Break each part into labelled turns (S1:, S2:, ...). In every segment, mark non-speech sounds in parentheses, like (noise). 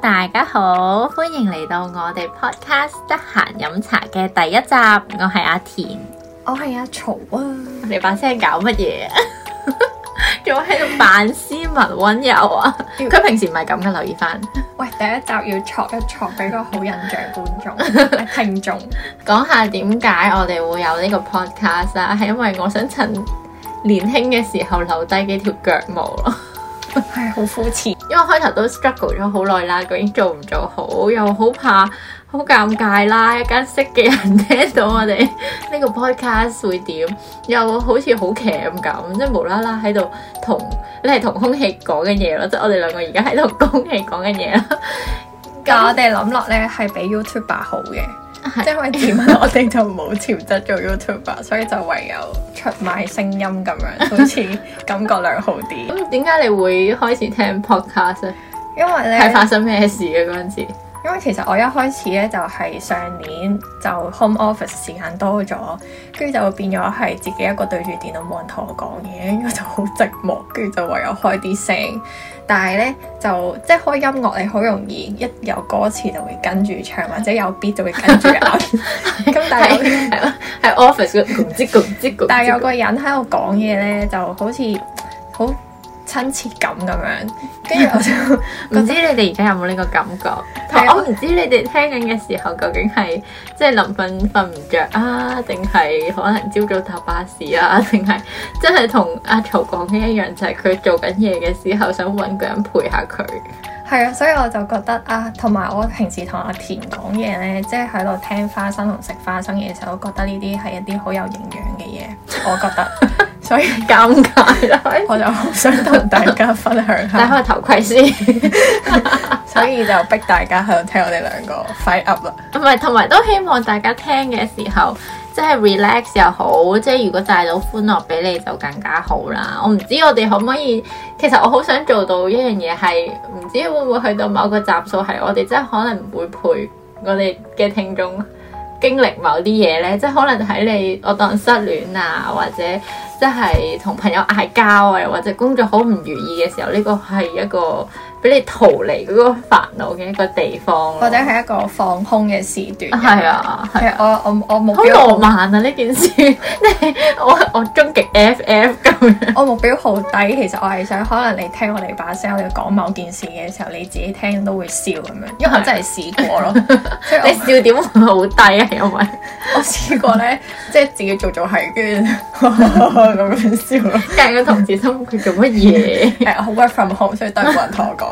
S1: 大家好，歡迎嚟到我哋 podcast 得閒飲茶嘅第一集，我係阿田，我係阿曹啊！你把聲搞乜嘢？仲喺度扮斯文溫柔啊？佢要平時唔係咁嘅，留意翻。喂，第一集要戳一戳俾個好印象觀眾、 (laughs) 聽眾眾。講下點解我哋會有呢個 podcast 啊？係因為我想趁年輕嘅時候留低幾條腳毛咯。係好膚淺， (laughs) 膚因為開頭都 struggle 咗好耐啦，究竟做唔做好，又好怕，好尷尬啦，一間識嘅人聽到我哋呢個 podcast 會點，又好似好騎呢咁，即係無啦啦喺度同，你係同空氣講緊嘢咯，即係我哋兩個而家喺度空氣講緊嘢啦，但我哋諗落咧係比 YouTuber 好嘅。即係因為點啊？ (laughs) 我哋就冇潛質做 YouTuber 所以就唯有出賣聲音咁樣， (laughs) 好似感覺良好啲。咁點解你會開始聽 podcast 咧？因為咧係發生咩事嘅嗰陣時？因為其實我一開始咧就係上年就 home office 時間多咗，跟住就會變咗係自己一個對住電腦冇人同我講嘢，我就好寂寞，跟住就唯有開啲聲。但係咧就即係開音樂，你好容易一有歌詞就會跟住唱，或者有 beat 就會跟住扭。咁 (laughs) (laughs) 但係係 office，但係有個人喺度講嘢咧，就好似好親切感咁樣，跟住我就唔 (laughs) 知你哋而家有冇呢個感覺？對啊、我唔知你哋聽緊嘅時候究竟係即係臨瞓瞓唔着啊，定係可能朝早搭巴士啊，定係即係同阿曹講嘅一樣，就係、是、佢做緊嘢嘅時候想搵個人陪下佢。係啊，所以我就覺得啊，同埋我平時同阿田講嘢呢，即係喺度聽花生同食花生嘢嘅時候，我覺得呢啲係一啲好有營養嘅嘢， (laughs) 我覺得。所以尷尬，我就好想同大家分享下。戴開頭盔先， (laughs) 所以就逼大家去聽我哋兩個廢 up 啦。唔係，同埋都希望大家聽嘅時候，即係 relax 又好，即係如果帶到歡樂俾你就更加好啦。我唔知我哋可唔可以，其實我好想做到一樣嘢係，唔知會唔會去到某個集數係我哋真係可能唔會陪我哋嘅聽眾。經歷某啲嘢咧，即係可能喺你我當失戀啊，或者即係同朋友嗌交啊，或者工作好唔如意嘅時候，呢個係一個。俾你逃離嗰個煩惱嘅一個地方，或者係一個放空嘅時段。係啊，係啊，我我我目標好浪漫啊！呢件事，我我終極 FF 咁我目標好低，其實我係想，可能你聽我嚟把聲，我要講某件事嘅時候，你自己聽都會笑咁樣，因為我真係試過咯。你笑點會好低啊？因為我試過咧，即係自己做做戲，跟住咁樣笑咯。但同志，己佢做乜嘢？誒，work from home，所以都冇人同我講。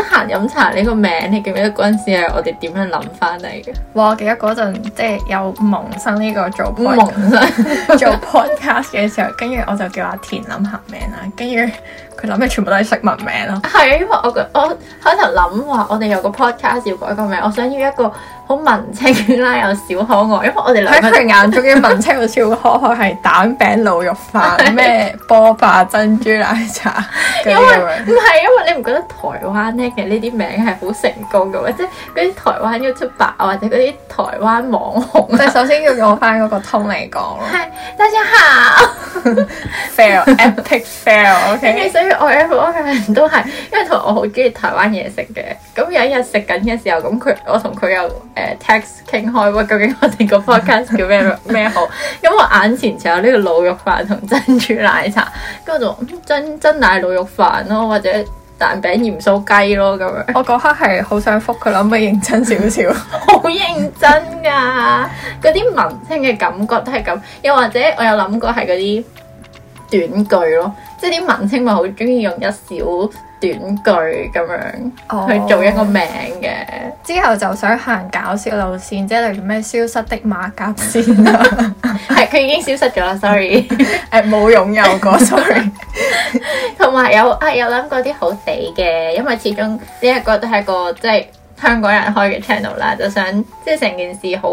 S1: 得閒飲茶呢個名，你記唔記得嗰陣時係我哋點樣諗翻嚟嘅？哇！我記得嗰陣即係有萌生呢個做萌蒙生 (laughs) 做 podcast 嘅時候，跟住我就叫阿田諗客名啦。跟住佢諗嘅全部都係食物名咯。係啊 (laughs) 因為我個我開頭諗話，我哋有個 podcast 要改個名，我想要一個好文青啦 (laughs) 有小可愛，因為我哋兩個眼中嘅文青好似好可愛係蛋餅、滷肉飯、咩波霸珍珠奶茶咁樣。唔係因為你唔覺得台灣咧？嘅呢啲名係好成功嘅，或者嗰啲台灣 YouTuber 或者嗰啲台灣網紅。即係首先要用翻嗰個 tone 嚟講咯。係 (laughs) 大家好，Fail Epic Fail OK。所以我 F 我係都係，因為同我好中意台灣嘢食嘅。咁有一日食緊嘅時候，咁佢我同佢又誒 text 傾開，究、呃、竟我哋個 podcast 叫咩咩好？咁 (laughs) 我眼前就有呢個滷肉飯同珍珠，珠奶茶，跟住就真真，真，真奶滷肉飯咯，或者～蛋餅、鹽酥雞咯，咁樣。我嗰刻係好想覆佢，諗佢 (laughs) 認真少少。好認真㗎，嗰啲文青嘅感覺都係咁。又或者我有諗過係嗰啲短句咯，即係啲文青咪好中意用一小。短句咁樣，oh. 去做一個名嘅，之後就想行搞笑路線，即係例如咩消失的馬甲線，係佢已經消失咗啦，sorry，誒冇 (laughs) 擁有過，sorry。同 (laughs) 埋 (laughs) 有係有諗，啊、過啲好地嘅，因為始終呢一個都係，即係，一個即係香港人開嘅 channel 啦，就想即係成件事好。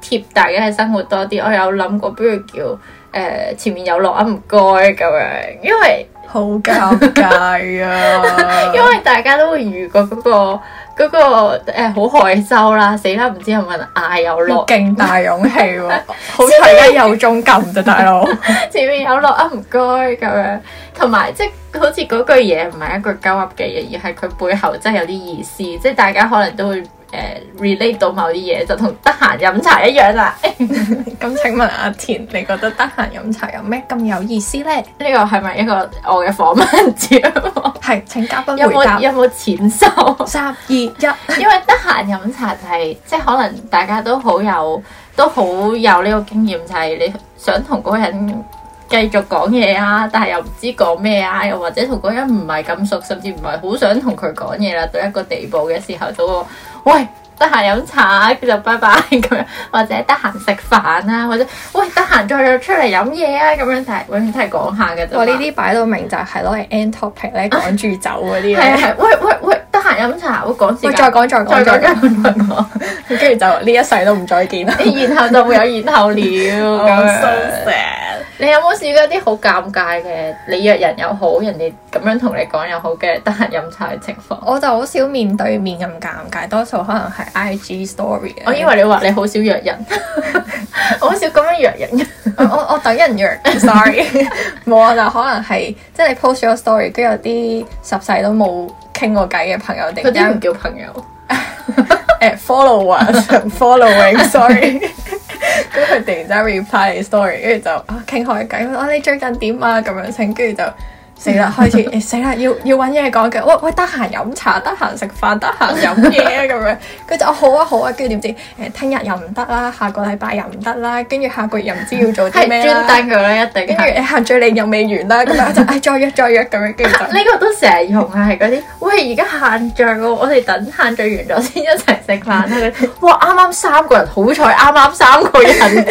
S1: 貼大家嘅生活多啲，我有諗過，不如叫誒、呃、前面有落啊唔該咁樣，因為好尷尬啊， (laughs) 因為大家都會遇過嗰個、嗰個好、呃、害羞啦，死啦唔知係咪嗌有落勁、啊、大勇氣喎、啊， (laughs) 好彩有中撳就、啊、 (laughs) 大佬，前面有落啊唔該咁樣，同埋 (laughs) 即係好似嗰句嘢唔係一句鳩噏嘅嘢，而係佢背後真係有啲意思，即係大家可能都會。誒、uh, relate 到某啲嘢，就同得閒飲茶一樣啦。咁 (laughs) (laughs) 請問阿田，你覺得得閒飲茶有咩咁有意思呢？呢個係咪一個我嘅訪問者？係 (laughs) (laughs) 請嘉賓回答。有冇有冇錢收？十二一， (laughs) (laughs) (laughs) 因為得閒飲茶就係、是、即係可能大家都好有都好有呢個經驗，就係、是、你想同嗰人繼續講嘢啊，但係又唔知講咩啊，又或者同嗰人唔係咁熟，甚至唔係好想同佢講嘢啦，到一個地步嘅時候，到。喂，得閒飲茶，叫就拜拜咁樣，或者得閒食飯啦，或者喂，得閒再出嚟飲嘢啊，咁樣就係永遠都係講下嘅啫。我呢啲擺到明就係攞嚟 end topic 咧，趕住走嗰啲。係係，喂喂喂，得閒飲茶，我講先，再講再講再講再講，跟住就呢一世都唔再見。然後就冇有然後了，咁 so sad。你有冇試過一啲好尷尬嘅？你約人又好，人哋咁樣同你講又好嘅，得閒飲茶嘅情況，我就好少面對面咁尷尬，多數可能係 IG story。我以為你話你好少約人，好 (laughs) (laughs) 少咁樣約人。 (laughs) uh, 我我等人約，sorry。冇啊，就可能係即係你 post 咗個 story，跟有啲十世都冇傾過偈嘅朋友，突然間唔叫朋友，誒 follow one，following，sorry。咁佢 (laughs) 突然之間 reply 你 story，跟住就傾開偈，啊，啊你最近點啊咁樣先，跟住就。死啦！開始誒死啦！要要搵嘢講嘅，喂喂，得閒飲茶，得閒食飯，得閒飲嘢咁樣。佢就話好啊好啊，跟住點知誒聽日又唔得啦，下個禮拜又唔得啦，跟住下個月又唔知要做啲咩。係專登嘅啦，一定。跟住限聚令又未完啦，咁樣就誒再約再約咁樣。跟住就呢、啊呢個都成日用啊，係嗰啲喂而家限聚喎、啊，我哋等限聚完咗先一齊食飯啦。 (laughs) 哇，啱啱三個人，好彩啱啱三個人。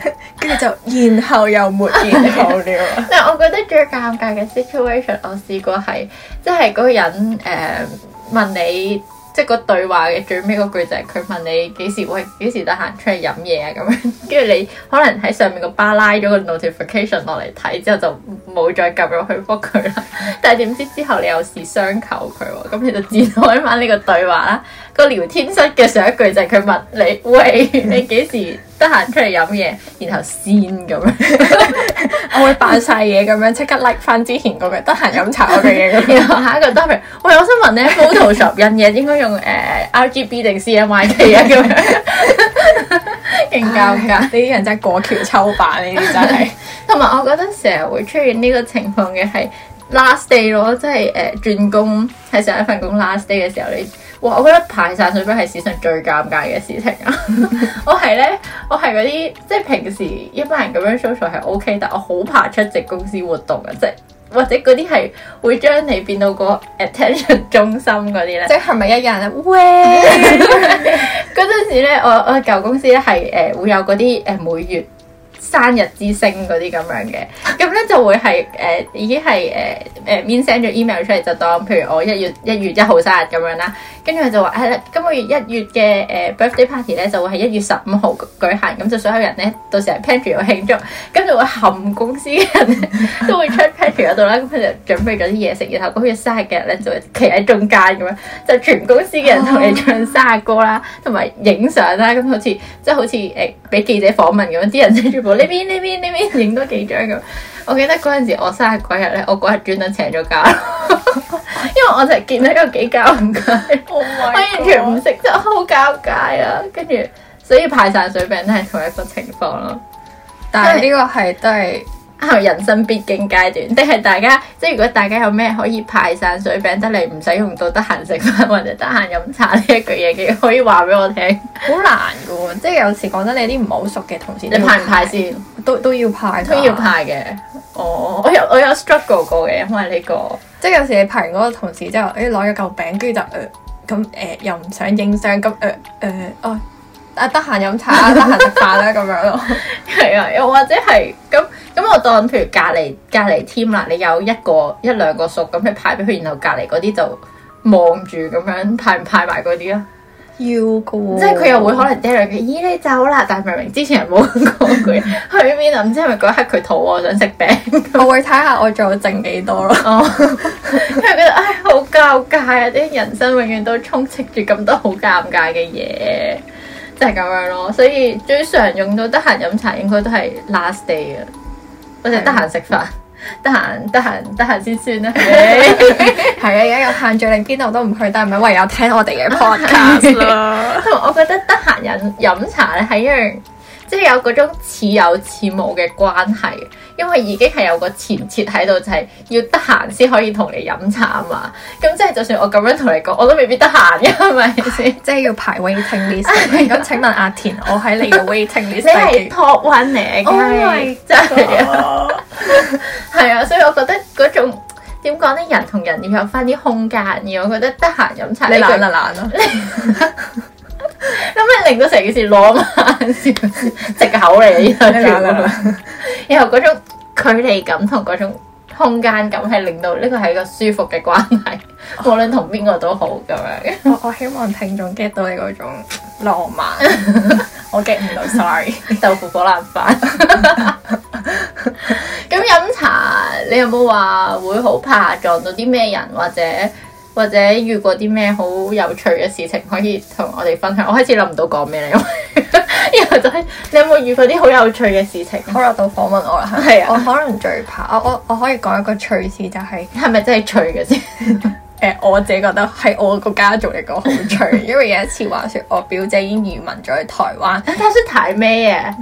S1: (laughs) (laughs) 跟住就，然後又沒然後了。但係 (laughs) 我覺得最尷尬嘅 situation，我試過係即係嗰個人誒、呃、問你，即、就、係、是、個對話嘅最尾嗰句就係佢問你幾時喂幾時得閒出嚟飲嘢啊咁樣。跟 (laughs) 住你可能喺上面個巴拉咗個 notification 落嚟睇之後就冇再撳入去覆佢啦。但係點知之後你有事相求佢喎，咁你就展開翻呢個對話啦。 (laughs) 個聊天室嘅上一句就係佢問你喂你幾時？ (laughs) 得閒出嚟飲嘢，然後先咁樣， (laughs) 我會扮晒嘢咁樣，即刻 like 翻之前嗰句，得閒飲茶嗰句嘢。 (laughs) 然後下一個 topic，我我想問咧，Photoshop 印嘢應該用誒 RGB 定 CMYK 啊？咁樣勁尷尬，呢啲人真係過橋抽版，呢啲真係。同埋我覺得成日會出現呢個情況嘅係 last day 咯，即係誒轉工係上一份工 last day 嘅時候你。哇！我覺得排晒水杯係史上最尷尬嘅事情啊！ (laughs) 我係咧，我係嗰啲即係平時一班人咁樣 social 係 OK，但我好怕出席公司活動啊！即係或者嗰啲係會將你變到個 attention 中心嗰啲咧，即係咪一樣咧？喂！嗰陣 (laughs) (laughs) 時咧，我我舊公司咧係誒會有嗰啲誒每月，生日之星嗰啲咁樣嘅，咁咧就會係誒、呃、已經係誒誒面 send 咗 email (laughs) 出嚟，就當譬如我一月一月一號生日咁樣啦，跟住佢就話誒、哎、今個月一月嘅誒 birthday party 咧就會係一月十五號舉行，咁就所有人咧到時候喺 party 度慶祝，跟住會冚公司嘅人 (laughs) (laughs) 都會出喺 party 嗰度啦，咁佢就準備咗啲嘢食，然後嗰個生日嘅人咧就企喺中間咁樣，就全公司嘅人同你唱生日歌啦，同埋影相啦，咁好似即係好似誒俾記者訪問咁樣，啲人 (laughs) (laughs) 呢邊呢邊呢邊影多幾張咁，我記得嗰陣時我生日嗰日咧，我嗰日專登請咗假， (laughs) 因為我就係見到有幾間唔該，oh、my 我完全唔識得，好尷尬啊！跟住所以派晒水餅都係同一個情況咯，但係呢個係都係。 (laughs) 人生必經階段，即係大家即係如果大家有咩可以派散水餅得嚟，唔使用到，得閒食飯或者得閒飲茶呢一句嘢，嘅可以話俾我聽。 (laughs) 好難噶，啊，即係有時講真，你啲唔好熟嘅同事，你派，你派唔派先？都都要派，都要派嘅。哦，我有我有 struggle 過嘅，因為呢個即係有時你派完嗰個同事之後，誒攞咗嚿餅，跟住就誒咁誒又唔想影相咁誒誒哦啊得閒飲茶得閒食飯啦咁樣咯。係，呃呃、啊，啊 (laughs) (laughs) 或又或者係咁。咁我當譬如隔離隔離 team 啦，你有一個一兩個熟，咁你派俾佢，然後隔離嗰啲就望住咁樣派唔派埋嗰啲啊？排排要嘅過 即係佢又會可能爹 a r 咦你走啦，但係明明之前係冇講佢去邊啊？唔知係咪嗰一刻佢肚餓想食餅？我， (laughs) 我會睇下我仲有剩幾多咯，因為覺得唉好尷尬啊！啲人生永遠都充斥住咁多好尷尬嘅嘢，就係、是、咁樣咯。所以最常用到得閒飲茶應該都係 last day 啊。我就得閒食飯，得閒得閒得閒先算啦。 (laughs) (laughs) 係啊，而家有限聚令邊度都唔去，但係咪唯有聽我哋嘅 podcast 同埋我覺得得閒飲飲茶咧係一樣。即係有嗰種似有似無嘅關係，因為已經係有個前設喺度，就係要得閒先可以同你飲茶啊嘛。咁即係就算我咁樣同你講，我都未必得閒嘅，係咪先？ (laughs) 即係要排 waiting list。咁、 (laughs) 嗯、請問阿田我， (laughs) 是 (laughs) 我喺你嘅 waiting list 係 top one 嚟嘅，係真係啊。係啊，所以我覺得嗰種點講咧，人同人要有翻啲空間嘅。我覺得得閒飲茶，你懶啊懶啊！ (laughs) (laughs) (laughs) 咁你令到成件事浪漫笑，借口嚟啊！然後嗰種距離感同嗰種空間感係令到呢個係一個舒服嘅關係，無論同邊個都好，咁樣我。我希望聽眾 get 到你嗰種浪漫， (laughs) 我 get 唔到，sorry。豆腐火腩飯。咁 (laughs) 飲 (laughs) 茶，你有冇話會好怕撞到啲咩人或者？或者遇過啲咩好有趣嘅事情可以同我哋分享？我開始諗唔到講咩啦，因為就係 (laughs) 你有冇遇過啲好有趣嘅事情？好啦，到訪問我啦，係啊，我可能最怕，我我我可以講一個趣事，就係，就係係咪真係趣嘅先？ (laughs) (laughs) 誒、呃，我自己覺得係我個家族嚟講好趣，因為有一次話説我表姐已經移民咗去台灣。 (laughs) 但打算睇咩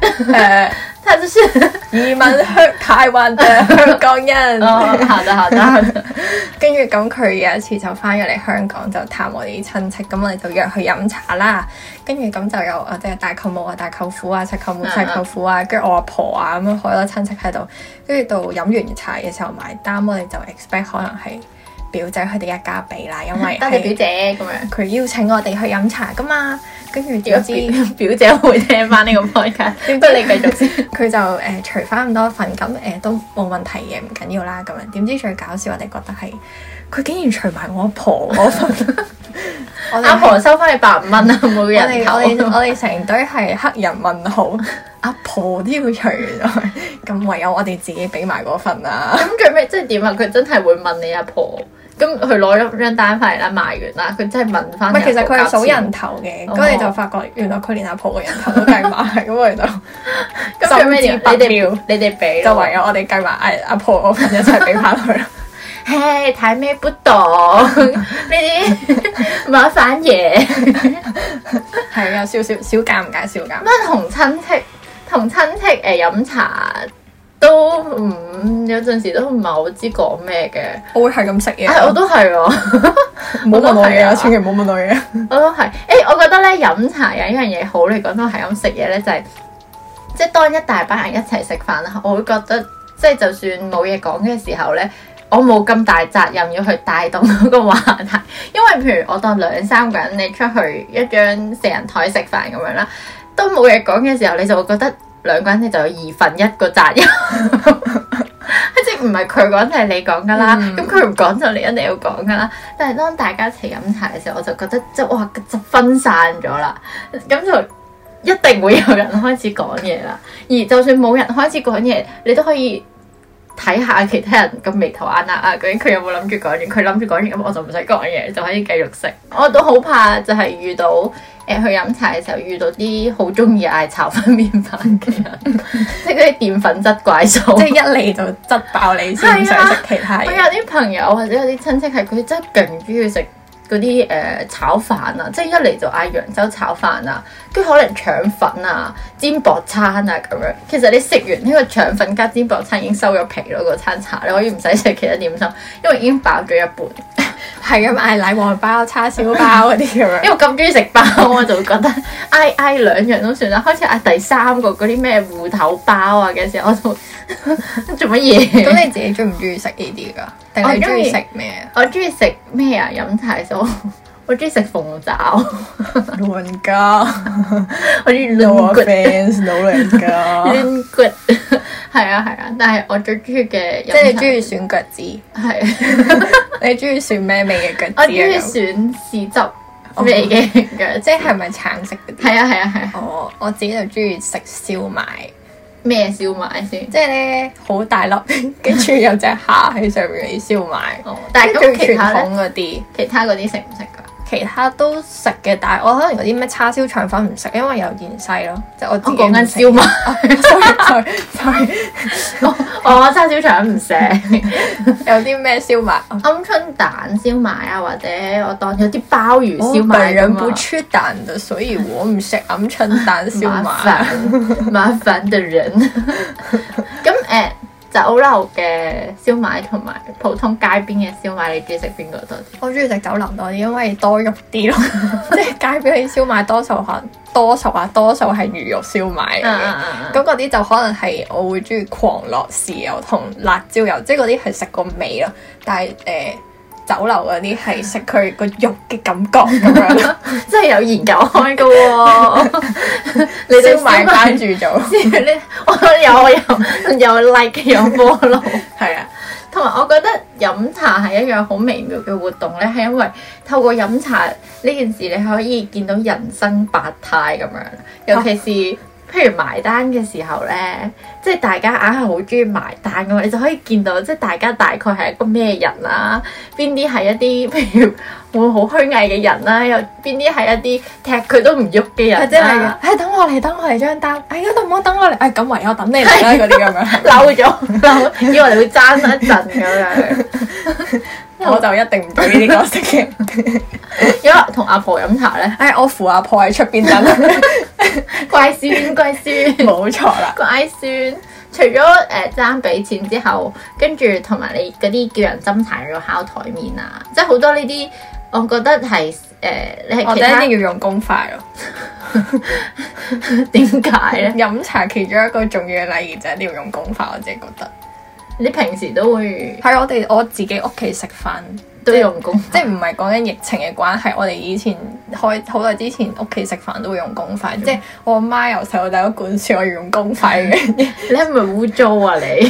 S1: 嘢？誒 (laughs) 但是，佢打算移民去台灣嘅香港人。 (laughs) 哦，好的，好的，跟住咁佢有一次就翻咗嚟香港，就探我哋啲親戚。咁我哋就約佢飲茶啦。跟住咁就有啊，即係大舅母啊、大舅父啊、細舅母、細舅父啊，跟住 (laughs) 我阿婆啊，咁樣好多親戚喺度。跟住到飲完茶嘅時候埋單，我哋就 expect 可能係。 (laughs) 表姐佢哋一家俾啦，因為多謝 (laughs) 表姐咁樣，佢邀請我哋去飲茶噶嘛，跟住點知表，表姐會聽翻呢個開卡？點解 (laughs) 你繼續先。 (laughs) 佢就誒除翻咁多份，咁、呃、誒都冇問題嘅，唔緊要啦咁樣。點知最搞笑我哋覺得係，佢竟然除埋我阿婆嗰份。 (laughs) (laughs) 我阿婆收翻你百五蚊啊！每日， (laughs) 我哋我哋成堆係黑人問號， (laughs) 阿婆都要除咗，咁 (laughs) 唯有我哋自己俾埋嗰份啦。咁最屘即係點啊？佢 (laughs) 真係會問你阿婆？咁佢攞咗張單翻嚟啦，賣完啦，佢真係問翻。其實佢係數人頭嘅，嗰陣 Okay. 就發覺原來佢連阿婆嘅人頭都計埋咁，嚟到 (laughs) 就咁你哋，你哋俾，就唯有我哋計埋阿阿婆我份，一齊俾翻佢啦。嘿、hey，睇咩不懂呢啲麻煩嘢，係啊， (laughs) (laughs) 少少少尷尬，少尷。乜同親戚，同親戚誒飲，飲茶。都唔有陣時都唔係好知講咩嘅，我會係咁食嘢。我都係啊，唔 (laughs) 好問我嘢啦，啊、千祈唔好問我嘢。我都係，誒、欸，我覺得咧飲茶有一樣嘢好你講到，係咁食嘢咧，就係、是、即係當一大班人一齊食飯啦，我會覺得即係就算冇嘢講嘅時候咧，我冇咁大責任要去帶動嗰個話題，因為譬如我當兩三個人你出去一張成人台食飯咁樣啦，都冇嘢講嘅時候，你就會覺得。兩個人呢就有二份一個責任， (laughs) (laughs) 即係唔係佢講就係你講㗎啦，咁佢唔講就你一定要講㗎啦。但係當大家一齊飲茶嘅時候，我就覺得即係哇，就分散咗啦，咁就一定會有人開始講嘢啦。而就算冇人開始講嘢，你都可以。睇下其他人咁眉頭眼壓啊，究竟佢有冇諗住講完？佢諗住講完咁，我就唔使講嘢，就可以繼續食。我都好怕，就係遇到誒、呃、去飲茶嘅時候，遇到啲好中意嗌炒粉麵飯嘅人，即係嗰啲澱粉質怪獸， (laughs) (laughs) 即係一嚟就執爆你先想食其他嘢。我、啊、有啲朋友或者有啲親戚係佢真勁中意食。嗰啲誒炒飯啊，即係一嚟就嗌揚州炒飯啊，跟住可能腸粉啊、煎薄餐啊咁樣。其實你食完呢個腸粉加煎薄餐已經收咗皮咯，嗰餐茶你可以唔使食其他點心，因為已經飽咗一半。係咁嗌奶黃包、叉燒包嗰啲咁樣， (laughs) 因為咁中意食包，我就會覺得。 (laughs) I I、哎哎、兩樣都算啦，開始啊第三個嗰啲咩芋頭包啊嘅時候我就，我 (laughs) 做做乜嘢？咁 (laughs) 你自己中唔中意食呢啲噶？定係中意食咩？我中意食咩啊？飲茶都，我中意食鳳爪。老人家，我中意 no f 老人家。l a n 係啊係啊，但係我最中意嘅，即係中意選腳趾。係， (laughs) (laughs) 你中意選咩味嘅腳趾啊？我中意選豉汁味嘅、 (noise) 嗯嗯， (noise) 即係咪橙色嘅？係 (noise) 啊，係啊，係啊。哦、啊，啊 oh, 我自己就中意食燒賣。咩燒賣先？即係咧，好大粒，跟住有隻蝦喺上面啲燒賣。哦，oh, 但係咁感覺 其他啲，其他嗰啲食唔食㗎？其他都食嘅，但係我可能有啲咩叉燒腸粉唔食，因為有芫茜咯，即係我自己我。我講緊燒賣，我我叉燒腸唔食。 (laughs) 有啲咩燒賣？鵪鶉蛋燒賣啊，或者我當咗啲鮑魚燒賣啊。我杯咗蛋嘅，所以我唔食鵪鶉蛋燒賣啊。 (laughs) 麻煩，麻煩嘅人。咁誒？ (laughs) (laughs) 酒樓嘅燒賣同埋普通街邊嘅燒賣，你中意食邊個多啲？我中意食酒樓多啲，因為多肉啲咯。即係 (laughs) 街邊燒賣多數可能多數啊，多數係魚肉燒賣。咁嗰啲就可能係我會中意狂落豉油同辣椒油，即係嗰啲係食個味咯。但係誒。呃酒樓嗰啲係食佢個肉嘅感覺咁樣， (laughs) 真係有研究開㗎喎、啊，收埋關住咗。 (laughs) (laughs) 我有有有 like 有 follow，係 (laughs) 啊，同埋我覺得飲茶係一樣好微妙嘅活動咧，係因為透過飲茶呢件事，你可以見到人生百態咁樣，尤其是， (laughs) 譬如埋單嘅時候咧，即係大家硬係好中意埋單㗎嘛，你就可以見到即係大家大概係一個咩人啦？邊啲係一啲譬如會好虛偽嘅人啦？又邊啲係一啲踢佢都唔喐嘅人啊？係等我嚟，等我嚟張單。哎啊，都唔好等我嚟。哎，咁唯有等你嚟啦，嗰啲咁樣。嬲咗， (laughs) 以為你會爭一陣咁樣。 (laughs) 我就一定唔畀呢啲角色嘅。如果同阿婆飲茶咧，哎，我扶阿婆喺出邊等。 (laughs) 乖孫乖孫，冇錯啦。乖孫， (laughs) 錯啦 乖孫除咗誒爭俾錢之後，跟住同埋你嗰啲叫人斟茶又要敲台面啊，即係好多呢啲，我覺得係誒、呃、你係其他，我一定要用公筷咯。 (laughs) 點解咧？飲茶其中一個重要嘅禮儀就係你要用公筷，我自己覺得。你平時都會喺我哋我自己屋企食飯。即係用公筷即係唔係講緊疫情嘅關係。我哋以前開好耐之前，屋企食飯都會用公筷。即係我媽由細到大都灌輸我要用公筷嘅。你係咪污糟啊你？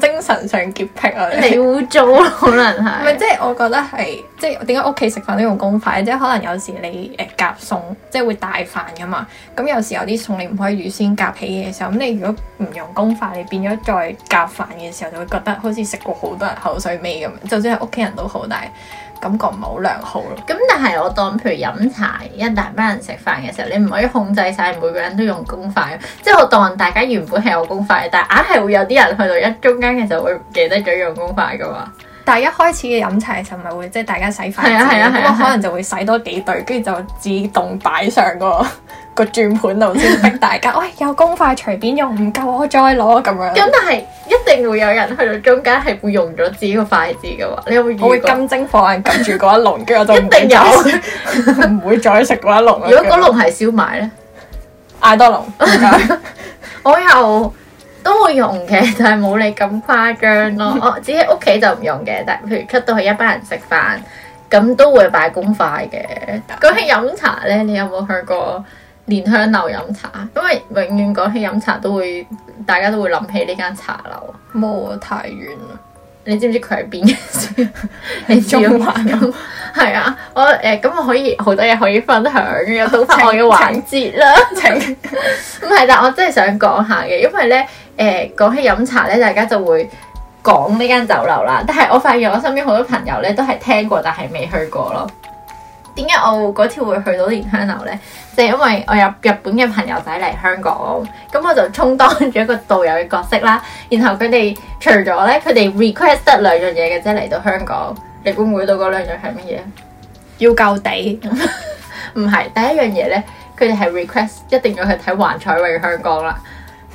S1: 精神上潔癖啊你？你污糟，可能係。唔係，即係，我覺得係。即係點解屋企食飯都用公筷？即係可能有時你誒、欸、夾餸，即係會帶飯噶嘛。咁有時有啲餸你唔可以預先夾起嘅時候，咁你如果唔用公筷，你變咗再夾飯嘅時候就會覺得好似食過好多人口水味咁。就算係屋企人都好，但感覺唔係好良好咯。咁但係我當譬如飲茶一大班人食飯嘅時候，你唔可以控制晒每個人都用公筷，即係我當大家原本係用公筷，但係硬係會有啲人去到一中間嘅時候會唔記得咗用公筷噶嘛。但係一開始嘅飲茶嘅時候，咪會即係大家洗筷子，咁啊，啊，啊，啊，啊可能就會洗多幾對，跟住就自動擺上個個轉盤度先，逼大家。 (laughs) 喂，有公筷隨便用，唔夠我再攞咁樣。咁但係一定會有人去到中間係會用咗自己嘅筷子嘅喎，你會唔會？我會金睛火眼撳住嗰一籠，跟住 (laughs) 我就唔一定有 (laughs) 會再食嗰一籠。 (laughs) 如果嗰籠係燒賣咧，嗌多籠。 (laughs) 我有。都會用嘅，但係冇你咁誇張咯。我、 (laughs) 哦、只喺屋企就唔用嘅，但係譬如出到去一班人食飯，咁都會擺公筷嘅。講起 (laughs) 飲茶呢，你有冇去過蓮香樓飲茶？因為永遠講起飲茶都會，大家都會諗起呢間茶樓。冇啊， (laughs) 太遠啦。你知唔知佢喺邊？你中環咁係啊！我誒咁、呃、我可以好多嘢可以分享，有到請我嘅環節啦。請唔係請、 (laughs) 嗯，但我真係想講下嘅，因為咧誒、呃、講起飲茶咧，大家就會講呢間酒樓啦。但係我發現我身邊好多朋友咧都係聽過，但係未去過咯。點解我嗰次會去到蓮香樓呢？就係、是、因為我有日本嘅朋友仔嚟香港，咁我就充當咗一個導遊嘅角色啦。然後佢哋除咗呢，佢哋 request 得兩樣嘢嘅啫，嚟到香港，你估唔估到嗰兩樣係乜嘢？要夠地，唔係 (laughs) 第一樣嘢呢，佢哋係 request 一定要去睇幻彩詠香江啦。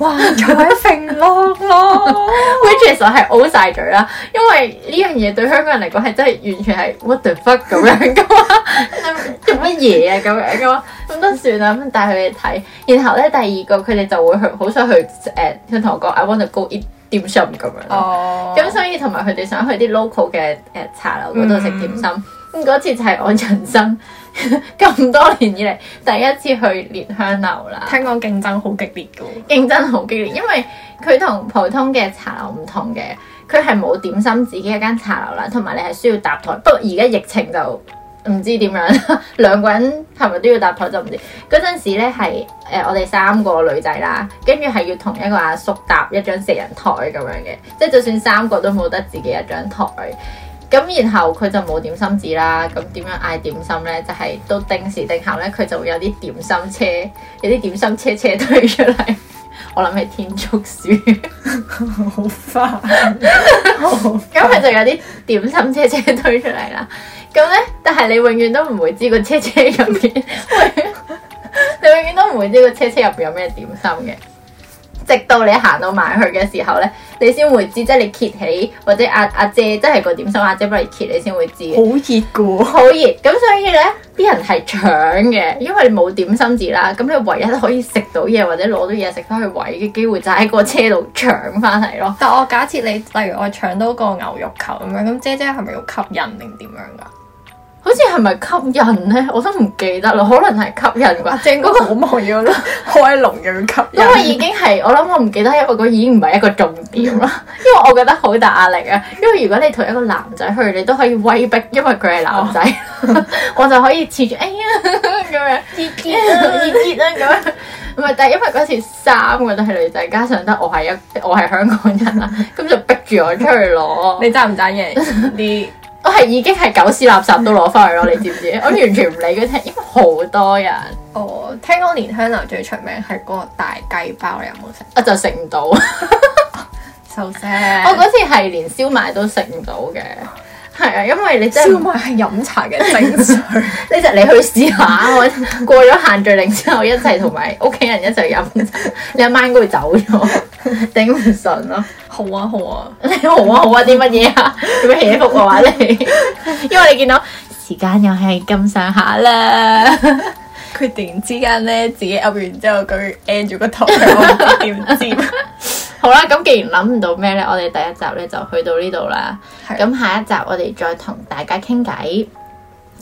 S1: (music) 哇！坐喺揈落咯，which 其實係 O 晒嘴啦，因為呢樣嘢對香港人嚟講係真係完全係 what the fuck 咁樣噶嘛？做乜嘢啊咁樣噶嘛？咁都算啦。咁帶佢哋睇，然後咧第二個佢哋就會去，好想去誒佢同我講，I want to go eat dim sum 咁樣。哦、啊。咁、啊、所以同埋佢哋想去啲 local 嘅誒茶樓嗰度食點心，咁嗰、嗯、次就係我人生。咁 (laughs) 多年以嚟第一次去蓮香樓啦，聽講競爭好激烈嘅喎，競爭好激烈，因為佢同普通嘅茶樓唔同嘅，佢係冇點心，自己一間茶樓啦，同埋你係需要搭台，不過而家疫情就唔知點樣，兩個人係咪都要搭台就唔知。嗰陣 (laughs) 時呢係誒我哋三個女仔啦，跟住係要同一個阿叔搭一張四人台咁樣嘅，即係就算三個都冇得自己一張台。咁然後佢就冇點心紙啦。咁點樣嗌點心呢？就係、係、都定時定候呢，佢就會有啲點，點心車，有啲點，點， (laughs) 點，點心車車推出嚟。我諗係天竺鼠，好花。咁佢就有啲點心車車推出嚟啦。咁呢，但係你永遠都唔會知個車車入邊，你永遠都唔會知個車車入邊有咩點心嘅。直到你行到埋去嘅時候呢，你先會知，即係你揭起或者阿阿姐，即係個點心阿姐幫你揭，你先會知。好熱噶，好熱。咁所以呢啲人係搶嘅，因為你冇點心紙啦。咁你唯一可以食到嘢或者攞到嘢食翻去的位嘅機會就喺個車度搶翻嚟咯。但我假設你，例如我搶到個牛肉球咁樣，咁姐姐係咪要吸引定點樣噶？好似係咪吸引呢？我都唔記得啦，可能係吸引啩，啊、正嗰、嗰個好重要咯，開籠咁樣吸引我我。因為已經係我諗我唔記得一個，佢已經唔係一個重點啦。因為我覺得好大壓力啊。因為如果你同一個男仔去，你都可以威逼，因為佢係男仔，哦、 (laughs) 我就可以似住哎呀咁樣，折折啊，折折啊咁樣。唔係，但係因為嗰次三個都係女仔，加上得我係一，我係香港人啦，咁 (laughs) 就逼住我出去攞。你讚唔讚嘅？你？ (laughs) 我係已經係狗屎垃圾都攞翻去咯，你知唔知？ (laughs) 我完全唔理佢聽，因為好多人。哦，聽講蓮香樓最出名係嗰個大雞包，你有冇食？我就食唔到，收聲，啊。 (laughs) (laughs) So sad. 我嗰次係連燒賣都食唔到嘅。係啊，因為你真係燒賣係飲茶嘅精髓。呢隻你去試下， (laughs) 我過咗限聚令之後一齊同埋屋企人一齊飲， (laughs) (laughs) 你阿媽應該會走咗，頂唔順咯。好啊好啊，你 (laughs) 好啊好啊，啲乜嘢啊？有咩 (laughs) 起福嘅話你？ (laughs) 因為你見到 (laughs) 時間又係咁上下啦，佢突然之間咧自己噏完之後，佢擸住個頭，點知？ (laughs) (laughs) 好啦，咁既然諗唔到咩呢，我哋第一集呢就去到呢度啦。咁是下一集我哋再同大家傾偈。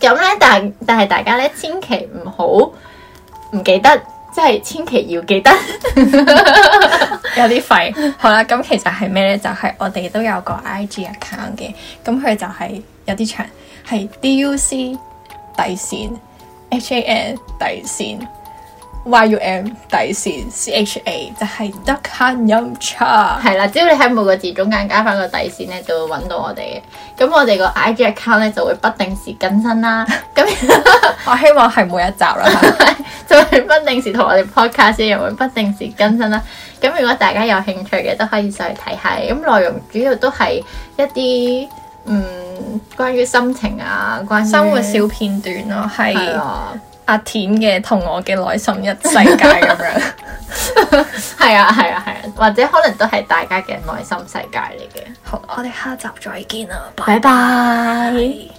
S1: 咁呢，但係但係大家呢，千祈唔好唔記得，即係千祈要記得。 (laughs) (laughs) 有啲廢。好啦，咁其實係咩呢？就係、是、我哋都有個 I G account 嘅，咁佢就係有啲長，係 D U C 底線，H A N 底線。Y U M 底線 C H A 就係得閒飲茶，係啦！只要你喺每個字中間加翻個底線咧，就會搵到我哋嘅。咁我哋個 I G account 咧就會不定時更新啦。咁我希望係每一集啦， (laughs) (laughs) 就係不定時同我哋 podcast 又會不定時更新啦。咁如果大家有興趣嘅，都可以上去睇下。咁內容主要都係一啲嗯關於心情啊，關於生活小片段咯，啊，係。阿田嘅同我嘅內心一世界咁樣、 (laughs) (laughs) (laughs) 啊，係啊係啊係啊，啊，或者可能都係大家嘅內心世界嚟嘅。好，我哋下集再見啦，拜拜。拜拜。